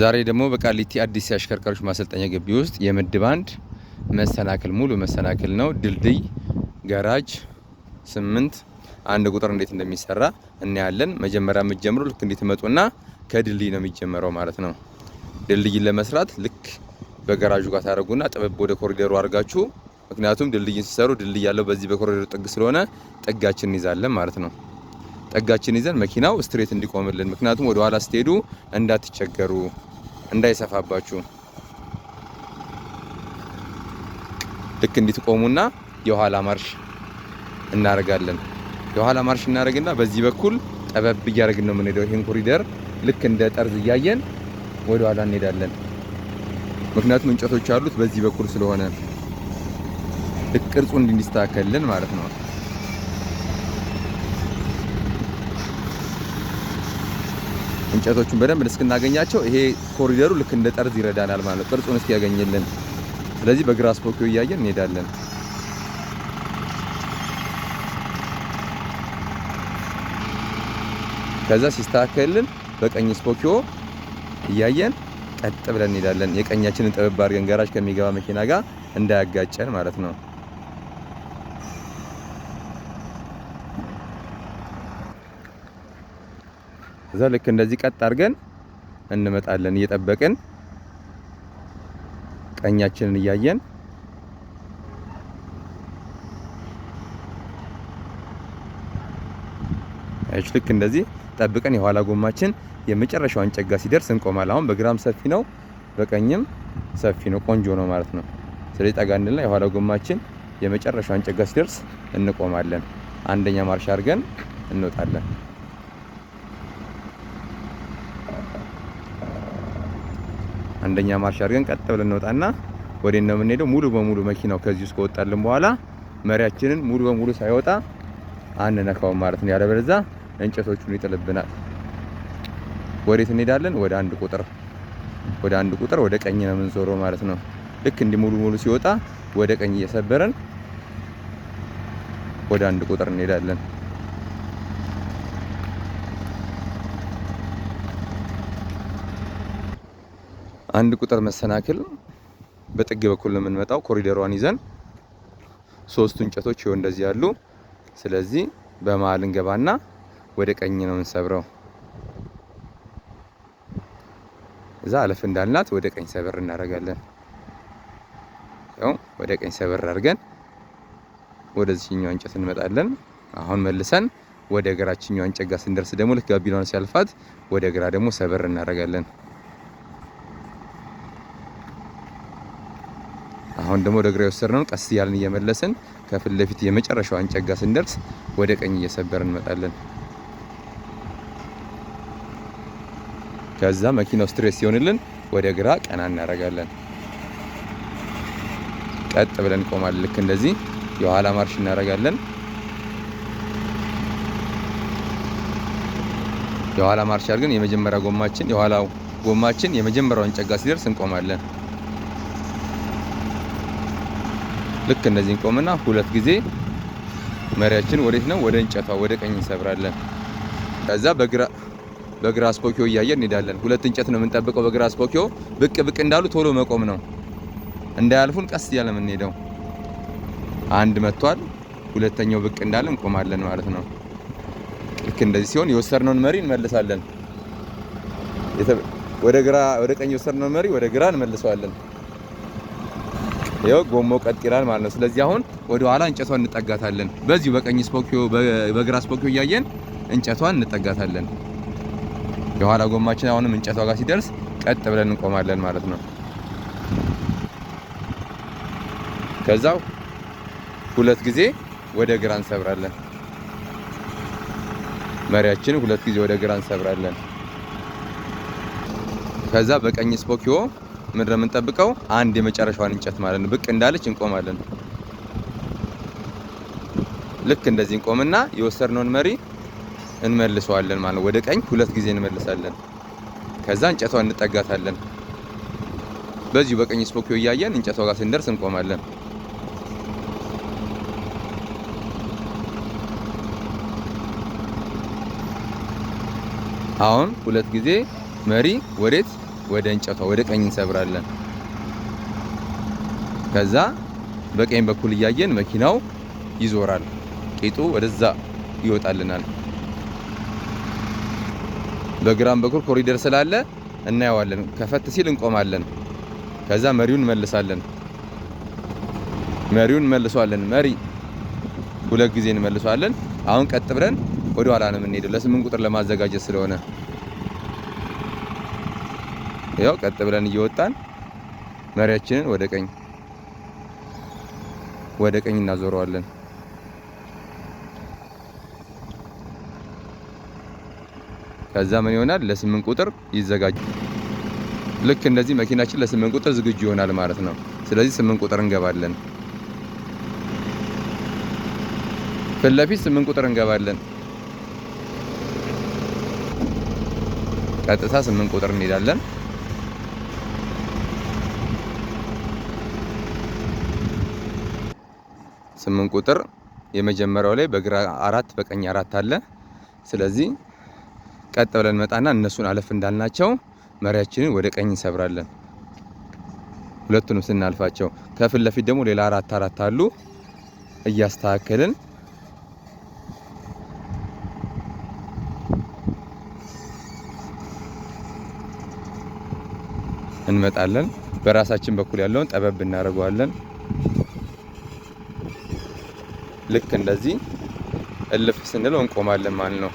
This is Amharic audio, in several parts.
ዛሬ ደግሞ በቃሊቲ አዲስ የአሽከርካሪዎች ማሰልጠኛ ግቢ ውስጥ የምድብ አንድ መሰናክል ሙሉ መሰናክል ነው። ድልድይ ገራጅ ስምንት አንድ ቁጥር እንዴት እንደሚሰራ እናያለን። መጀመሪያ የምትጀምሩ ልክ እንዴት መጡና ከድልድይ ነው የሚጀመረው ማለት ነው። ድልድይን ለመስራት ልክ በገራጁ ጋር ታደረጉና ጥበብ ወደ ኮሪደሩ አድርጋችሁ፣ ምክንያቱም ድልድይን ሲሰሩ ድልድይ ያለው በዚህ በኮሪደሩ ጥግ ስለሆነ ጥጋችን እንይዛለን ማለት ነው። ጠጋችን ይዘን መኪናው ስትሬት እንዲቆምልን፣ ምክንያቱም ወደ ኋላ ስትሄዱ እንዳትቸገሩ፣ እንዳይሰፋባችሁ ልክ እንድትቆሙና የኋላ ማርሽ እናደርጋለን። የኋላ ማርሽ እናደርግና በዚህ በኩል ጠበብ እያደረግን ነው የምንሄደው። ይህን ኮሪደር ልክ እንደ ጠርዝ እያየን ወደ ኋላ እንሄዳለን። ምክንያቱም እንጨቶች አሉት በዚህ በኩል ስለሆነ ልክ ቅርጹ እንዲስተካከልልን ማለት ነው። እንጨቶቹን በደንብ እስክናገኛቸው ይሄ ኮሪደሩ ልክ እንደ ጠርዝ ይረዳናል ማለት ነው፣ ቅርጹን እስኪያገኝልን። ስለዚህ በግራስ ፖኪዮ እያየን እንሄዳለን። ከዛ ሲስተካከልልን በቀኝ ስፖኪዮ እያየን ቀጥ ብለን እንሄዳለን። የቀኛችንን ጥብብ አድርገን ጋራጅ ከሚገባ መኪና ጋር እንዳያጋጨን ማለት ነው። እዛ ልክ እንደዚህ ቀጥ አድርገን እንመጣለን እየጠበቅን ቀኛችንን እያየን እሽ ልክ እንደዚህ ጠብቀን የኋላ ጎማችን የመጨረሻውን ጨጋ ሲደርስ እንቆማል። አሁን በግራም ሰፊ ነው፣ በቀኝም ሰፊ ነው። ቆንጆ ነው ማለት ነው። ስለዚህ ጠጋ እንልና የኋላ ጎማችን የመጨረሻውን ጨጋ ሲደርስ እንቆማለን። አንደኛ ማርሻ አድርገን እንወጣለን። አንደኛ ማርሽ አድርገን ቀጥ ብለን እንወጣና ወዴ ነው የምንሄደው? ሙሉ በሙሉ መኪናው ከዚህ ውስጥ ከወጣልን በኋላ መሪያችንን ሙሉ በሙሉ ሳይወጣ አንነካውም ማለት ነው። ያለበለዛ እንጨቶቹን ይጥልብናል። ወዴት እንሄዳለን? ወደ አንድ ቁጥር ወደ አንድ ቁጥር ወደ ቀኝ ነው የምንዞረው ማለት ነው። ልክ እንዲህ ሙሉ ሙሉ ሲወጣ ወደ ቀኝ እየሰበረን ወደ አንድ ቁጥር እንሄዳለን። አንድ ቁጥር መሰናክል በጥግ በኩል ነው የምንመጣው። ኮሪደሯን ይዘን ሶስቱ እንጨቶች ይኸው እንደዚህ ያሉ። ስለዚህ በመሀል እንገባና ወደ ቀኝ ነው እንሰብረው እዛ አለፍ እንዳልናት ወደ ቀኝ ሰብር እናደርጋለን። ያው ወደ ቀኝ ሰብር አድርገን ወደዚህኛው እንጨት እንመጣለን። አሁን መልሰን ወደ ግራችኛው እንጨት ጋር ስንደርስ ደግሞ ልክ ሲያልፋት ወደ ግራ ደግሞ ሰብር እናደርጋለን። አሁን ደግሞ ወደ ግራ የወሰድነውን ቀስ እያልን እየመለስን ከፊት ለፊት የመጨረሻው አንጨጋ ስንደርስ ወደ ቀኝ እየሰበርን እንመጣለን። ከዛ መኪናው ስትሬስ ሲሆንልን ወደ ግራ ቀና እናደርጋለን። ቀጥ ብለን ቆማል። ልክ እንደዚህ የኋላ ማርሽ እናደርጋለን። የኋላ ማርሽ አድርገን የመጀመሪያ ጎማችን የኋላው ጎማችን የመጀመሪያውን ጨጋ ሲደርስ እንቆማለን። ልክ እነዚህን ቆምና ሁለት ጊዜ መሪያችን ወዴት ነው? ወደ እንጨቷ ወደ ቀኝ እንሰብራለን። ከዛ በግራ በግራ አስፖኪዮ እያየን እንሄዳለን። ሁለት እንጨት ነው የምንጠብቀው። በግራ አስፖኪዮ ብቅ ብቅ እንዳሉ ቶሎ መቆም ነው። እንዳያልፉን ቀስ እያለ የምንሄደው አንድ መጥቷል። ሁለተኛው ብቅ እንዳለ እንቆማለን ማለት ነው። ልክ እንደዚህ ሲሆን የወሰድነውን መሪ እንመልሳለን። ወደ ግራ ወደ ቀኝ የወሰድነውን መሪ ወደ ግራ እንመልሰዋለን። ይኸው ጎሞ ቀጥ ይላል ማለት ነው። ስለዚህ አሁን ወደ ኋላ እንጨቷን እንጠጋታለን። በዚሁ በቀኝ ስፖኪዮ በግራ ስፖኪዮ እያየን እንጨቷን እንጠጋታለን። የኋላ ጎማችን አሁንም እንጨቷ ጋር ሲደርስ ቀጥ ብለን እንቆማለን ማለት ነው። ከዛው ሁለት ጊዜ ወደ ግራ እንሰብራለን። መሪያችን ሁለት ጊዜ ወደ ግራ እንሰብራለን። ከዛ በቀኝ ስፖኪዮ ምንድነው የምንጠብቀው? አንድ የመጨረሻዋን እንጨት ማለት ነው። ብቅ እንዳለች እንቆማለን። ልክ እንደዚህ እንቆምና የወሰድነውን መሪ እንመልሰዋለን ማለት ነው። ወደ ቀኝ ሁለት ጊዜ እንመልሳለን። ከዛ እንጨቷ እንጠጋታለን። በዚሁ በቀኝ ስፖኪዮ እያየን እንጨቷ ጋር ስንደርስ እንቆማለን። አሁን ሁለት ጊዜ መሪ ወዴት ወደ እንጨቷ ወደ ቀኝ እንሰብራለን። ከዛ በቀኝ በኩል እያየን መኪናው ይዞራል። ቂጡ ወደዛ ይወጣልናል። በግራም በኩል ኮሪደር ስላለ እናየዋለን። ከፈት ሲል እንቆማለን። ከዛ መሪውን እንመልሳለን። መሪውን እንመልሰዋለን። መሪ ሁለት ጊዜ እንመልሰዋለን። አሁን ቀጥ ብለን ወደ ኋላ ነው የምንሄደው ለስምንት ቁጥር ለማዘጋጀት ስለሆነ ያው ቀጥ ብለን እየወጣን መሪያችንን ወደ ቀኝ ወደ ቀኝ እናዞረዋለን። ከዛ ምን ይሆናል? ለስምንት ቁጥር ይዘጋጅ ልክ እንደዚህ መኪናችን ለስምንት ቁጥር ዝግጁ ይሆናል ማለት ነው። ስለዚህ ስምንት ቁጥር እንገባለን። ፊት ለፊት ስምንት ቁጥር እንገባለን። ቀጥታ ስምንት ቁጥር እንሄዳለን። ስምንት ቁጥር የመጀመሪያው ላይ በግራ አራት በቀኝ አራት አለ። ስለዚህ ቀጥ ብለን መጣና እነሱን አለፍ እንዳልናቸው መሪያችንን ወደ ቀኝ እንሰብራለን። ሁለቱንም ስናልፋቸው ከፊት ለፊት ደግሞ ሌላ አራት አራት አሉ። እያስተካከልን እንመጣለን። በራሳችን በኩል ያለውን ጠበብ እናደርገዋለን። ልክ እንደዚህ እልፍ ስንለው እንቆማለን ማለት ነው።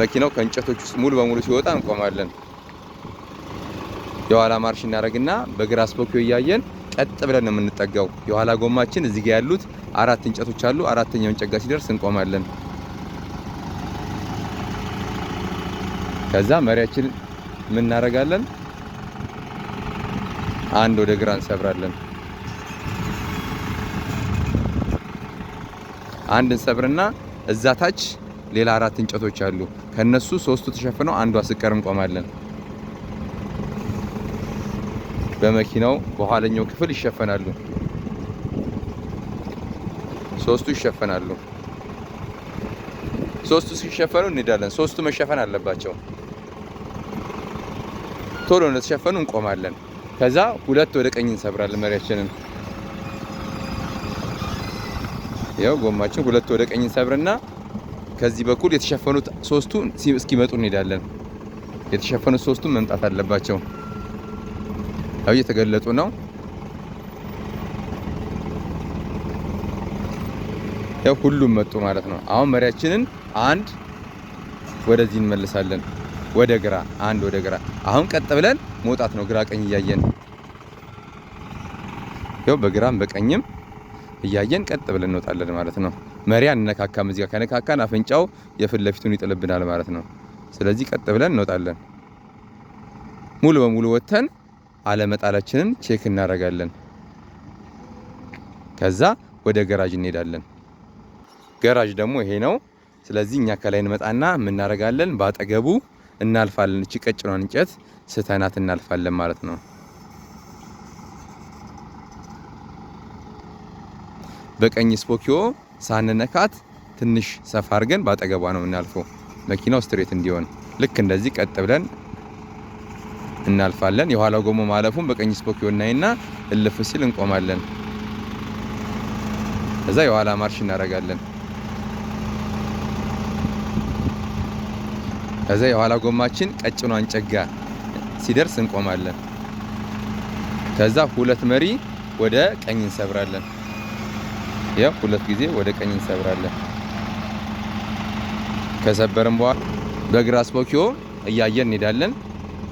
መኪናው ከእንጨቶች ውስጥ ሙሉ በሙሉ ሲወጣ እንቆማለን። የኋላ ማርሽ እናደርግና በግራ ስፖኪዮ እያየን ቀጥ ብለን ነው የምንጠጋው። የኋላ ጎማችን እዚህ ጋር ያሉት አራት እንጨቶች አሉ። አራተኛው እንጨት ሲደርስ እንቆማለን። ከዛ መሪያችን ምን እናደርጋለን? አንድ ወደ ግራ እንሰብራለን። አንድ ሰብርና እዛ ታች ሌላ አራት እንጨቶች አሉ። ከነሱ ሶስቱ ተሸፍነው አንዷ ስቀር እንቆማለን። በመኪናው በኋለኛው ክፍል ይሸፈናሉ። ሶስቱ ይሸፈናሉ። ሶስቱ ሲሸፈኑ እንሄዳለን። ሶስቱ መሸፈን አለባቸው። ቶሎ እንደተሸፈኑ እንቆማለን። ከዛ ሁለት ወደ ቀኝ እንሰብራለን መሪያችንን ያው ጎማችን ሁለት ወደ ቀኝ ሰብርና ከዚህ በኩል የተሸፈኑት ሶስቱ እስኪመጡ እንሄዳለን። የተሸፈኑት ሶስቱ መምጣት አለባቸው። ያው እየተገለጡ ነው። ያው ሁሉም መጡ ማለት ነው። አሁን መሪያችንን አንድ ወደዚህ እንመልሳለን። ወደ ግራ አንድ ወደ ግራ። አሁን ቀጥ ብለን መውጣት ነው፣ ግራ ቀኝ እያየን ያው በግራም በቀኝም እያየን ቀጥ ብለን እንወጣለን ማለት ነው። መሪ አንነካካም። እዚጋ ከነካካን አፍንጫው የፊት ለፊቱን ይጥልብናል ማለት ነው። ስለዚህ ቀጥ ብለን እንወጣለን። ሙሉ በሙሉ ወጥተን አለመጣላችንን ቼክ እናደርጋለን። ከዛ ወደ ገራጅ እንሄዳለን። ገራጅ ደግሞ ይሄ ነው። ስለዚህ እኛ ከላይ እንመጣና የምናደርጋለን፣ በአጠገቡ እናልፋለን። እቺ ቀጭኗን እንጨት ስተናት እናልፋለን ማለት ነው። በቀኝ ስፖኪዮ ሳንነካት ትንሽ ሰፋ አድርገን ባጠገቧ ነው የምናልፈው፣ መኪናው ስትሬት እንዲሆን። ልክ እንደዚህ ቀጥ ብለን እናልፋለን። የኋላው ጎማ ማለፉን በቀኝ ስፖኪዮ እናይና እልፍ ሲል እንቆማለን። እዛ የኋላ ማርሽ እናደርጋለን። ከዛ የኋላ ጎማችን ቀጭኗን ጨጋ ሲደርስ እንቆማለን። ከዛ ሁለት መሪ ወደ ቀኝ እንሰብራለን። ያው ሁለት ጊዜ ወደ ቀኝ እንሰብራለን። ከሰበርን በኋላ በግራ አስፖኪዮ እያየን እንሄዳለን።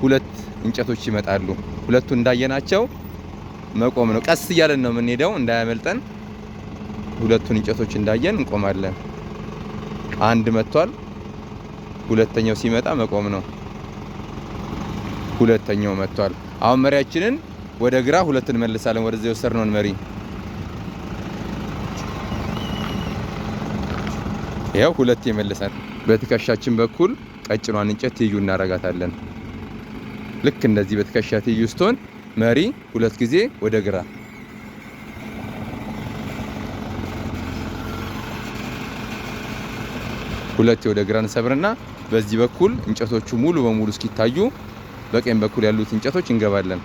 ሁለት እንጨቶች ይመጣሉ። ሁለቱ እንዳየናቸው መቆም ነው። ቀስ እያለን ነው የምንሄደው እንዳያመልጠን። ሁለቱን እንጨቶች እንዳየን እንቆማለን። አንድ መጥቷል። ሁለተኛው ሲመጣ መቆም ነው። ሁለተኛው መጥቷል። አሁን መሪያችንን ወደ ግራ ሁለት እንመልሳለን፣ ወደዚያ የወሰድነውን መሪ ያው ሁለት ይመልሳል። በትከሻችን በኩል ቀጭኗን እንጨት ትይዩ እናረጋታለን። ልክ እንደዚህ በትከሻ ትይዩ ስትሆን መሪ ሁለት ጊዜ ወደ ግራ ሁለት ወደ ግራ እንሰብርና በዚህ በኩል እንጨቶቹ ሙሉ በሙሉ እስኪታዩ በቀኝ በኩል ያሉት እንጨቶች እንገባለን።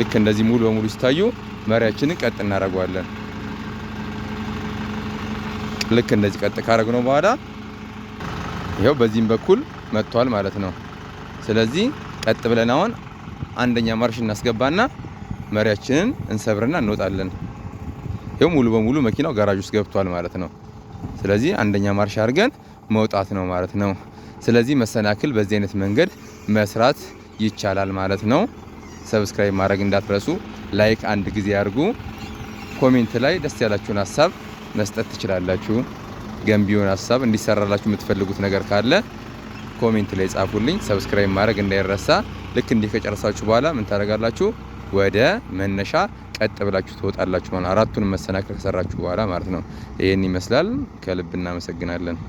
ልክ እንደዚህ ሙሉ በሙሉ ሲታዩ መሪያችንን ቀጥ እናደርገዋለን። ልክ እንደዚህ ቀጥ ነው በኋላ ይኸው በዚህም በኩል መጥቷል ማለት ነው። ስለዚህ ቀጥ ብለን አሁን አንደኛ ማርሽ እናስገባና መሪያችንን እንሰብርና እንወጣለን። ይኸው ሙሉ በሙሉ መኪናው ጋራጅ ውስጥ ገብቷል ማለት ነው። ስለዚህ አንደኛ ማርሽ አድርገን መውጣት ነው ማለት ነው። ስለዚህ መሰናክል በዚህ አይነት መንገድ መስራት ይቻላል ማለት ነው። ሰብስክራይብ ማድረግ እንዳትረሱ። ላይክ አንድ ጊዜ አድርጉ። ኮሜንት ላይ ደስ ያላችሁን ሀሳብ መስጠት ትችላላችሁ። ገንቢውን ሀሳብ እንዲሰራላችሁ የምትፈልጉት ነገር ካለ ኮሜንት ላይ ጻፉልኝ። ሰብስክራይብ ማድረግ እንዳይረሳ። ልክ እንዲህ ከጨረሳችሁ በኋላ ምን ታደርጋላችሁ? ወደ መነሻ ቀጥ ብላችሁ ትወጣላችሁ ማለት አራቱን መሰናክል ከሰራችሁ በኋላ ማለት ነው። ይህን ይመስላል። ከልብ እናመሰግናለን።